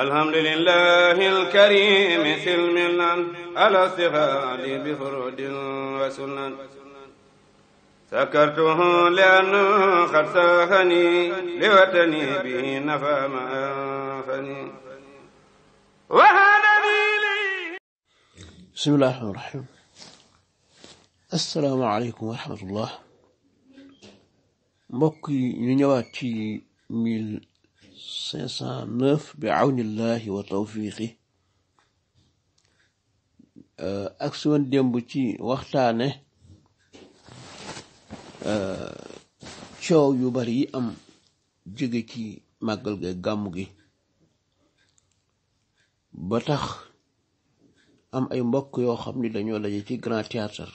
alhamdulilah alkarim silmilan alastihad bifrod wasunan sakartuhu lianna qad sahani liwatani bihi nafa ma anfani bismillahi rahmaani rahiim assalaamu aleykum wa rahmatullah mbokk yi ñu ñëwaat ci mille 509 bi awnillahi wa tawfiqi euh, ak si woon démb ci waxtaane euh, coow yu bari yi am jóge ci màggal ga gàmmu gi ba tax am ay mbokk yoo xam ni dañoo daje ci grand théâtre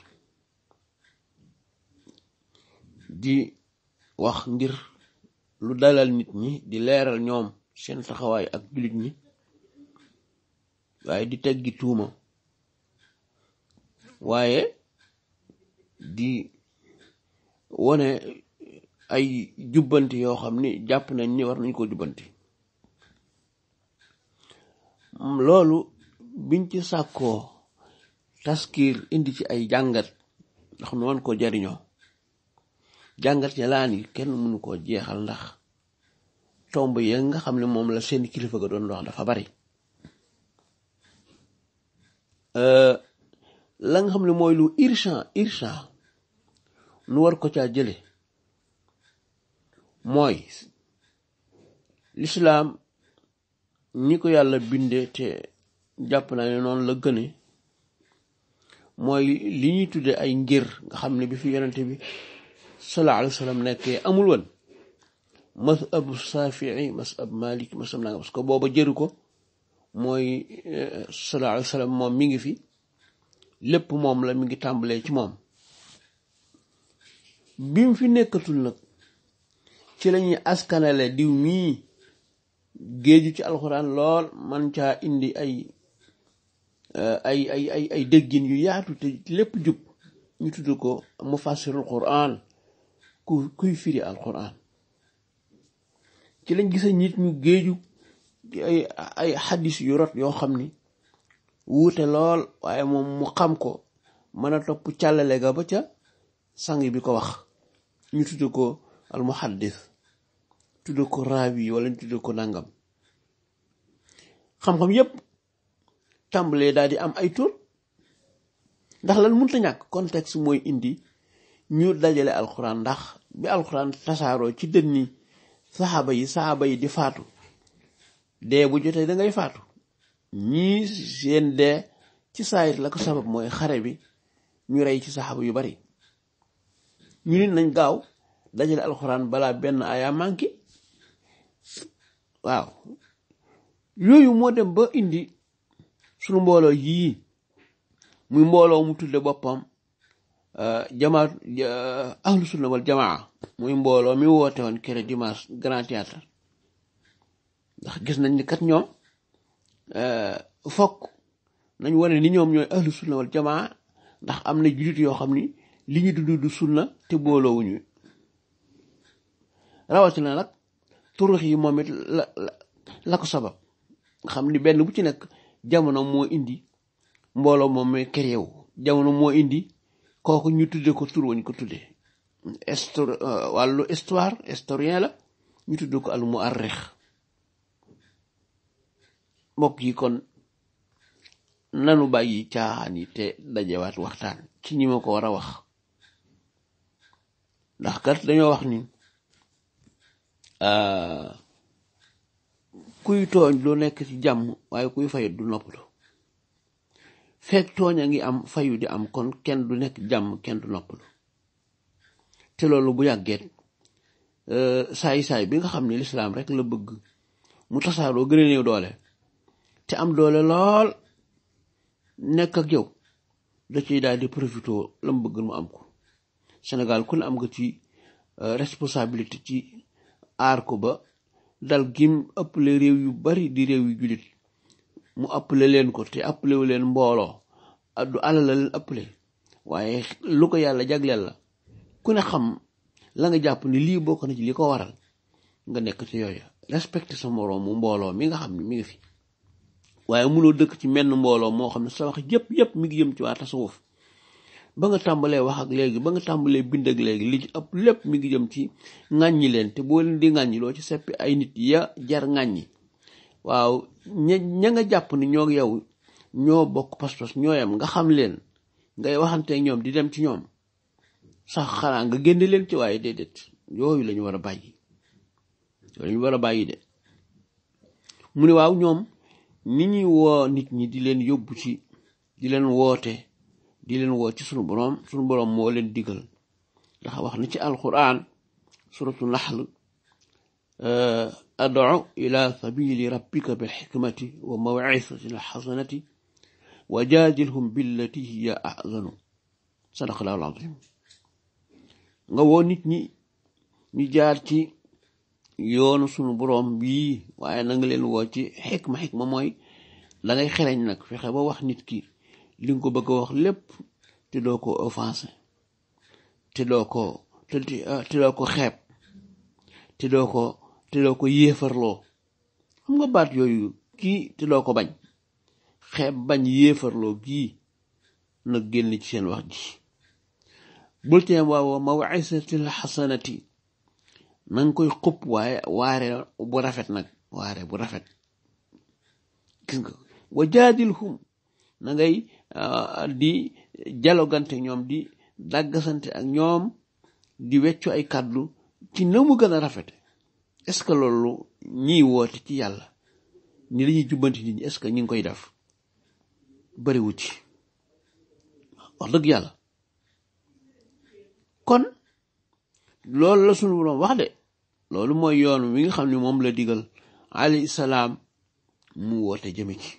di wax ngir lu dalal nit ñi di leeral ñoom seen taxawaay ak jullit ñi waaye di teggi tuuma waaye di wone ay jubbanti yoo xam ni jàpp nañ ni war nañ ko jubbanti loolu biñ ci sàkkoo taskiir indi ci ay jàngat ndax nu ko jariñoo jàngat ñalaan yi kenn mënu koo jeexal ndax tomb ya nga xam ne moom la seen kilifa nga doon ndox dafa bari euh, la nga xam ne mooy lu urgent urgent nu war ko caa jële mooy lislaam ñi ko yàlla bindee te jàpp naa ne noonu la gëne mooy li ñuy tuddee ay ngir nga xam ne bi fi yonente bi sallallahu alayhi wa nekkee amul woon mashabu Safii mashab Malik mashab nanga parce que booba jëru ko mooy eh, sallallahu alayhi moom mi ngi fi lépp moom la mi ngi tàmbalee ci moom bi mu fi nekkatul nag ci lañuy askanale diw mii géeju ci alxuraan lool man caa indi ay eh, ay ay ay ay déggin yu yaatu te lépp jub ñu tudd ko mufassirul Qur'an ku kuy firi alquran ci lañ gisa nit ñu géeju ci ay ay xaddis yu rot yoo xam ni wuute lool waaye moom mu xam ko mën a topp càllale ga ba ca sang bi ko wax ñu tudde ko almuhaddis tudde ko raawi wala ñu tudde ko nangam xam-xam yépp tàmbalee daal di am ay tur ndax lan mënta ñàkk contexte mooy indi ñu dajale alxuraan ndax bi alxuraan tasaaroo ci ni saxaaba yi saxaaba yi di faatu dee bu jotee da ngay faatu ñii seen dee ci saayit la ko sabab mooy xare bi ñu rey ci saxaaba yu bari ñu nit nañ gaaw dajale alxuraan balaa benn aya manqué waaw yooyu moo dem ba indi sunu mbooloo yii muy mbooloo mu tudde boppam Euh, jamaat euh, ahlu sunna wal jamaa muy mbooloo mi woote woon kere dimanche grand théâtre ndax gis nañ ni kat ñoom euh, fokk nañ wane ni ñoom ñooy ahlu sunna wal jamaa ndax am na jullit yoo xam ni li ñu dund du sunna te booloo wuñu rawatina nag turux yi moom it la la ko sabab nga xam ni benn bu ci nekk jamono moo indi mbooloo moom mooy kereewu jamono moo indi kooku ñu tudde ko tur wañ ko tudde histo euh, wàllu histoire historien la ñu tudde ko al muarrix mbokk yi kon nanu bàyyi caaxaan yi te dajewaat waxtaan ci ñi ko war a wax ndax kat dañoo wax ni euh, kuy tooñ lu nekk ci jàmm waaye kuy fayet du noppalu fekk tooñ a ngi am fayu di am kon kenn du nekk jàmm kenn du noppalu te loolu bu yàggeet euh, saay-saay bi nga xam ne lislaam rek la bëgg mu tasaaroo gën a néew doole te am doole lool nekk ak yow da ciy daal di profité la mu bëgg mu am ko senegal ku am nga ci euh, responsabilité ci aar ko ba dal gim ëpp le réew yu bari di réew yu jullit mu appelé leen ko te appelé wu leen mbooloo du alal la leen appelé waaye lu ko yàlla jagleel la ku ne xam la nga jàpp ni lii bokk na ci li ko waral nga nekk ci yooyu respecté sa moroomu mbooloo mi nga xam ne mi ngi fi waaye mënoo dëkk ci menn mbooloo moo xam ne sa wax yëpp yëpp mi ngi jëm ci waa tasawuf ba nga tàmbalee wax ak léegi ba nga tàmbalee bind ak léegi li ci ëpp lépp mi ngi jëm ci ŋàññi leen te boo leen di ŋàññi loo ci seppi ay nit ya jar ŋàññi waaw ña ña nga jàpp ni ñoo yow ñoo bokk pas-pas ñoo yam nga xam leen ngay waxante ñoom di dem ci ñoom sax xanaa nga génn leen ci waaye déedéet yooyu lañu war a bàyyi yooyu la ñu war a bàyyi de mu ne waaw ñoom ni ñuy woo nit ñi di leen yóbbu ci di leen woote di leen woo ci sunu boroom sunu boroom moo leen digal ndax wax na ci alquran suratu naxl euh, ad'u ila sabili rabbika bilhikmati wa maw'izati alhasanati wa jaadilhum billati hiya ahsanu sadaqallahu alazim nga woo nit ñi ñu jaar ci yoonu sunu boroom bii waaye na nga leen ci xikma xikma mooy da ngay xereñ nag fexe ba wax nit ki li nga ko bëgg a wax lépp te doo ko offensé te doo ko te xeeb te doo te loo ko yéefarloo xam nga baat yooyu kii te loo ko bañ xeeb bañ yéefarloo gii na génn ci seen wax ji bul teen waawoo mawisatil xasanati nanga koy xupp waaye waare bu rafet nag waare bu rafet gis nga wa jaadilhum na ngay ah, di jalogante ñoom di dàggasante ak ñoom di weccu ay kàddu ci na mu gën a rafet est-ce que loolu ñiy woote ci yàlla ni dañuy jubbanti nit ñi est-ce que ñu ngi koy def bariwu ci wax dëgg yàlla kon loolu la sunu borom wax de loolu mooy yoon wi nga xam ni moom la diggal alayhi salaam mu woote jëme ci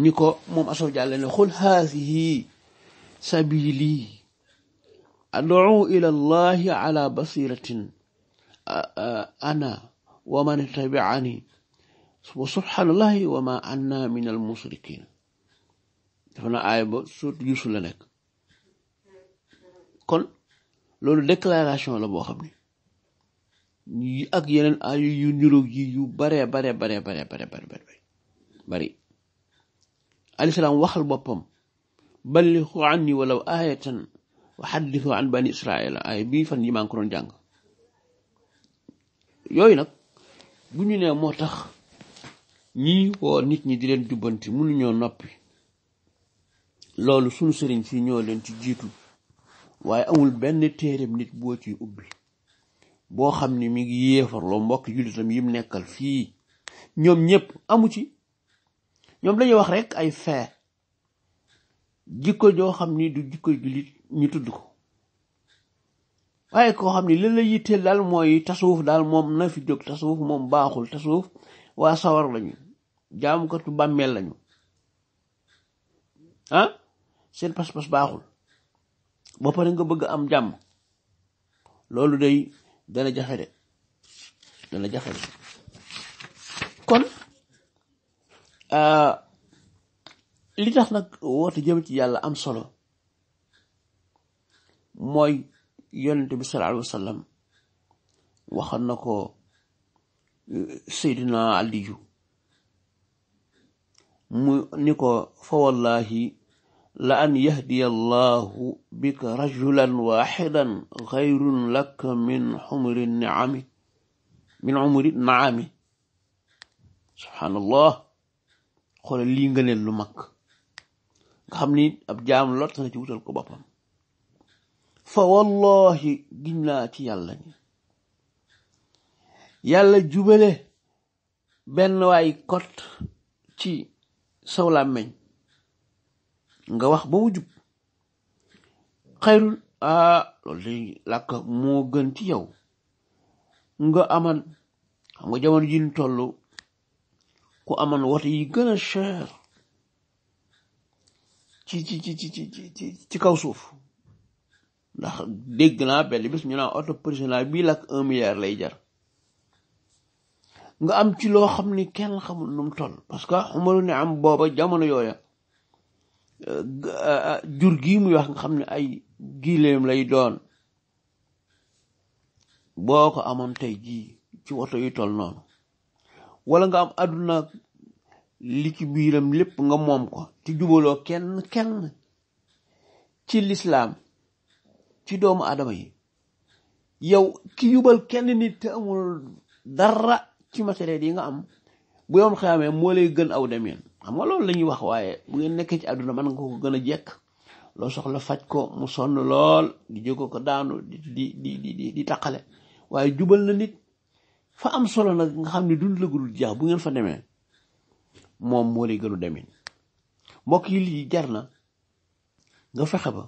ni ko moom asof jàlle ne xul haasihi sabili ad'u ila allahi ala basiratin أنا ومن اتبعني وسبحان الله وما أنا من المشركين dafa na aaya ba suut yuusu la kon loolu déclaration la boo xam ne ak yeneen ayu yu niroog yi yu baree baree baree baree bare bare bare bari alayhi salaam waxal boppam ballixu anni walaw aayatan wa xaddisu an bani israila aaya bii fan yi maa ngi ko yooyu nag bu ñu nee moo tax ñii woo nit ñi di leen jubbanti mënuñoo noppi loolu sunu sëriñ si ñoo leen ci jiitu waaye amul benn téereem nit boo ci ubbi boo xam ni mi ngi yéefarloo mbokk jullitam yim nekkal fii ñoom ñëpp amu ci ñoom lañuy wax rekk ay fee jikko joo xam ni du jikko jullit ñu tudd ko waaye koo xam ne li la yitteel daal mooy tasawuf daal moom na fi jóg tasawuf moom baaxul tasawuf waa sawar lañu jaamukatu bàmmeel lañu ah seen pas-pas baaxul ba pare nga bëgg am jàmm loolu day dana jafe de dana jafe de kon ah, li tax nag woote jëm ci yàlla am solo mooy yonent bi sallallahu alayhi wa sallam na ko Seydina Aliyu mu ni ko fa wallahi la an yahdiya bika rajulan waxidan xayrun laka min xumri niami subhaanallah xoolal lii nga lu mag nga xam ni ab jaam lott na ci wutal ko boppam fa wallahi giñ naa ci yàlla ni yàlla jubale benn waay kot ci saw nga wax ba mu jub xayrul ah loolu day làkk moo gën ci yow nga aman xam nga jamono ji ñu toll ku aman woto yi gën a cher ci ci ci ci ci ci kaw suuf ndax dégg naa benn bis ñu naa oto personnel bii lakk un milliard lay jar nga am ci loo xam ni kenn xamul nu mu parce que Umar ne am booba jamono yooya euh, euh, jur gii muy wax nga xam ne ay gileem lay doon boo ko amoon tey jii ci woto yu toll noonu wala nga am àdduna li ci lépp nga moom ko te jubaloo kenn kenn ci lislaam ci doomu aadama yi yow ki yubal kenn nit te amul dara ci matériel yi nga am bu yoon xeyaamee moo lay gën aw demeen xam nga loolu la ñuy wax waaye bu ngeen nekkee ci àdduna mën nga ko gën a jekk loo soxla faj ko mu sonn lool di jóge ko daanu di di di di di taqale waaye jubal na nit fa am solo nag nga xam ne dund la gudul jeex bu ngeen fa demee moom moo lay gënu demeen mbokk yi lii jar na nga fexe ba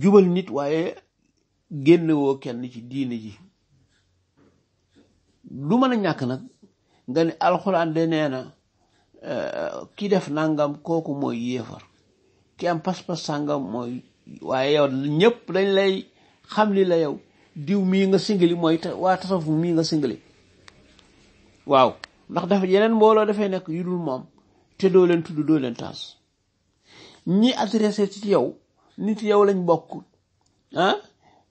jubal nit waaye génnewoo kenn ci diine ji du mën a ñàkk nag nga ne alxulaan de nee na eh, ki def nangam kooku mooy yéefar kenn am pas-pas sàngam mooy waaye yow ñëpp dañ lay xam li la yow diw mii nga singali mooy waa tasawuf mii nga singali waaw ndax dafa yeneen mbooloo dafay nekk yu dul moom te doo leen tudd doo leen taas ñi adressé ci yow nit yow lañ bokk ah,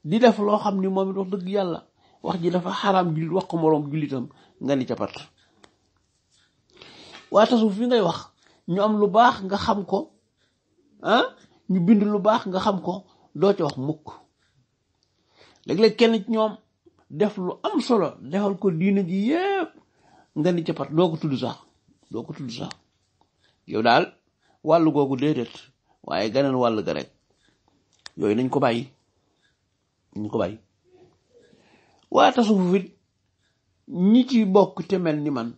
di def loo xam ni moom it wax dëgg yàlla wax ji dafa xaraam jullit wax ko moroom jullitam nga ni ca pat waa tasuf fi ngay wax ñu am lu baax nga xam ko ah ñu bind lu baax nga xam ko doo ca wax mukk léeg-léeg kenn ci ñoom def lu am solo defal ko diina ji yépp nga ni ca pat doo ko tudd sax doo ko tudd sax yow daal wàllu googu déedéet waaye ganeen wàll ga rek yooyu nañ ko bàyyi nañ ko bàyyi waa tasawuf it ñi ci bokk te mel ni man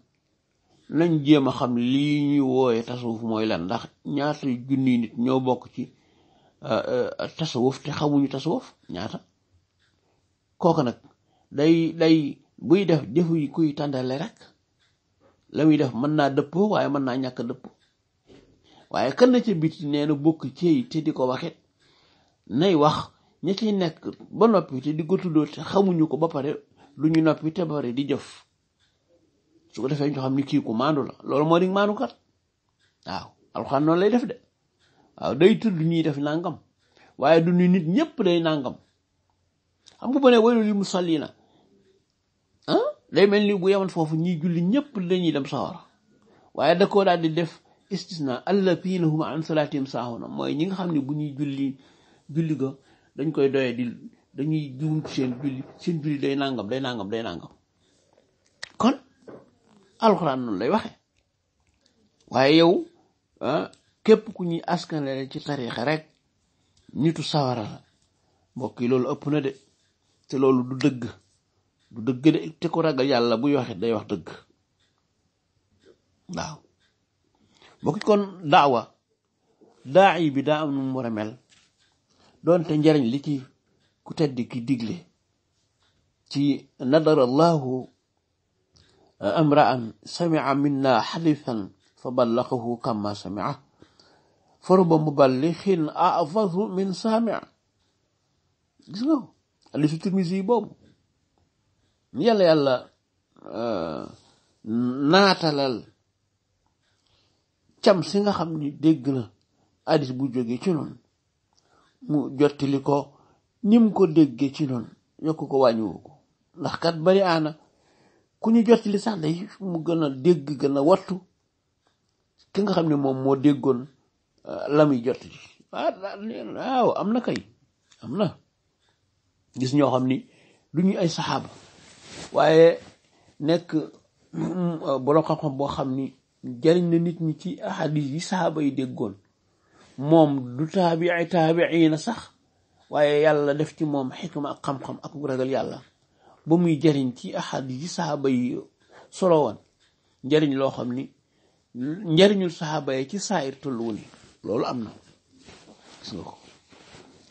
nañ jéem a xam lii ñuy wooye tasawuf mooy lan ndax ñaata junniy nit ñoo bokk ci uh, uh, tasawuf te xamuñu tasawuf ñaata kooku nag day day buy def defu kuy tàndale rek la muy def mën naa dëppoo waaye mën naa ñàkk dëpp waaye kan na ca biti bokk ci te di ko waxit nay wax ña ciy nekk ba noppi te di ko tuddoo te xamuñu ko ba pare lu ñu noppi te ba pare di jëf su ko defee ñu xam ni kii ku maandu la loolu moo di maandu kat waaw alxuraan noonu lay def de waaw day tudd ñuy def nangam waaye du ñu nit ñëpp day nangam xam nga bu ne waylul lil musalliina ah day mel ni bu yemoon foofu ñiy julli ñëpp dañuy dem sawara waaye da koo daal di def istisna allaziina hum an salaatihim saahuun mooy ñi nga xam ne bu ñuy julli. julli ga dañ koy doyee di dañuy juum seen julli day nangam day nangam day nangam kon alxuraan noonu lay waxe waaye yow ah, képp ku ñuy askanale ci rek nitu sawara la mbokk yi loolu ëpp na de te loolu du dëgg du dëgg de te ku ragal yàlla buy waxit day wax dëgg waaw mbokk kon daawa daa yi bi daa am nu mu war mel doonte njariñ li ci ku tedd ki digle ci nadara allahu eh, amraan samia minna xadithan fa ballaqahu kama samia faruba muballixin afasu min samia gis nga hadiisu Tirmisi boobu yàlla yàlla eh, naatalal cam si nga xam ni dégg na hadiis bu jógee ci noonu mu jottili ko ni ko déggee ci noonu yokk ko wàññiwu ko ndax kat bari aana ku ñu jottili sax day mu gën a dégg gën a wattu ki nga xam ne moom moo déggoon euh, lami muy jottili ah, ah, waaw am na kay am na gis ñoo xam ni du ñu ay saxaaba waaye nekk mm, mm, borom xam-xam boo xam ni jariñ na nit ñi ci ahadis yi saxaaba yi déggoon moom du taabii taabiina sax waaye yàlla def ci moom xikma ak xam-xam ak yàlla ba muy jariñ ci ahadis yi saxaaba yi solo loo xam ni njariñul saabay yi ci saayir tolluwul loolu am na gis nga ko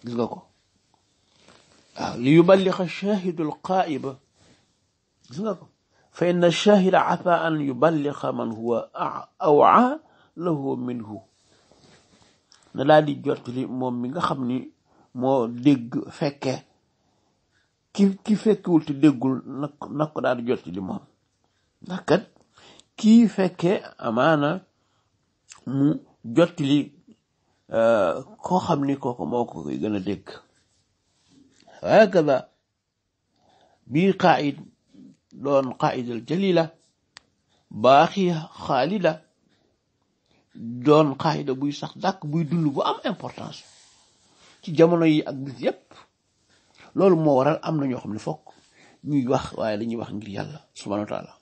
gis nga ko waaw li yuballixa shaahidul qaaiba gis nga ko fa inna an yuballixa man huwa awaa lahu minhu na daal di jottali moom mi nga xam ni moo dégg fekke ki ki fekkewul te déggul nag nag ko daal di jottali moom ndax kat kii fekke amaana mu jottali euh, koo xam ni kooku moo ko koy gën a dégg waaye kaza bii qaid doon qaidal jalila baaxi xaalida doon xaayida buy sax dàq buy dund bu am importance ci jamono yi ak bis yépp loolu moo waral am na ñoo xam ne fokk ñuy wax waaye dañuy wax ngir yàlla subhanahu wa taala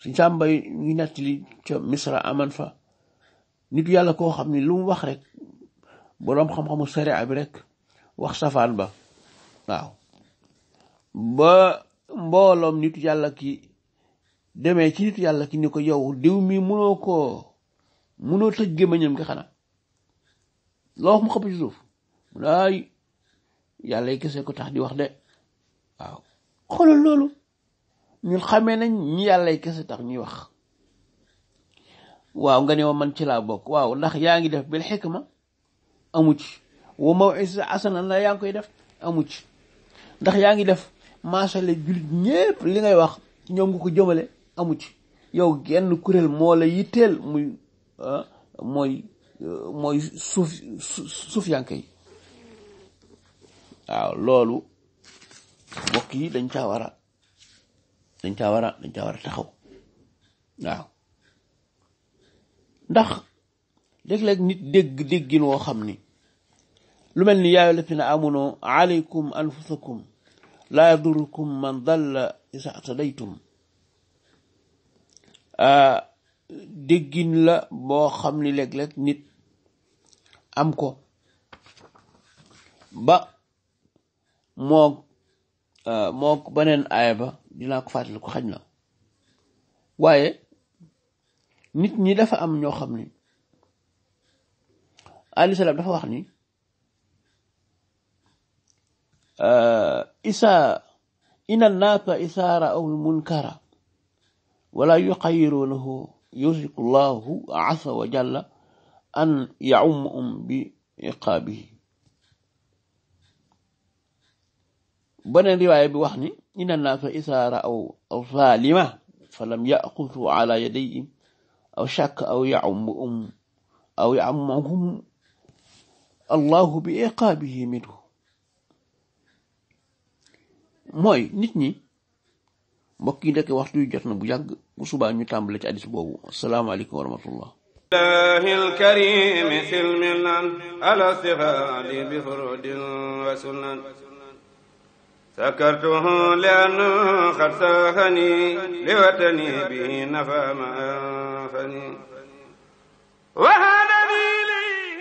suñ sàmbay ñu nett li ca misra aman fa nit yàlla koo xam ni lum wax rek boroom xam-xamu sariya bi rek wax safaan ba waaw ba mbooloom nitu yàlla ki demee ci nit yàlla ki ni ko yow diw mii mënoo koo mënoo tëj gémmañam gi xanaa loo wax mu xëpp suuf mu daay yàlla yi kese ko tax di wax de waaw xoolal loolu ñun xamee nañ ñi yàlla yi kese tax ñuy wax waaw nga ne man ci laa bokk waaw ndax yaa ngi def bil xikma amu ci wa mawisa asana la yaa ngi koy def amu ci ndax yaa ngi def maasale jullit ñépp li ngay wax ci ñoom nga ko jëmale amu ci yow genn kuréel moo la yitteel muy ah, mooy ah, loolu mbokk yi dañ caa war a dañ caa war a dañ caa war a taxaw ndax léeg-léeg nit dégg woo xam ni lu mel ni yaayu lepina amunoo aleykum anfusakum laa yadurukum man dalla isa atadaytum Euh, déggin la boo xam ni léeg-léeg nit am ko ba mook euh, mook beneen aaya ba dinaa ko fàttali ko xaj na waaye nit ñi dafa am ñoo xam ni alayhi salaam dafa wax ni euh, isaa inna naasa isaa ra'aw munkara wala yuxayiruunahu yusiku llahu asa wa jalla an yaumum bi iqaabihi beneen riwaaya bi wax ni inna naasa isaara aw zaalima fa lam yaxusu ala yadayhim aw shakk aw yaumum aw yaumahum allahu bi iqaabihi minhu mooy nit ñi mbokk yi ndekk waxtu yu jot na bu yàgg bu subaa ñu tàmbale ci addis boobu asalaamaaleykum wa rahmatullah الله الكريم سلم على استغال بفرود وسنن سكرته لأنه قد ساهني لوطني به نفى ما أنفني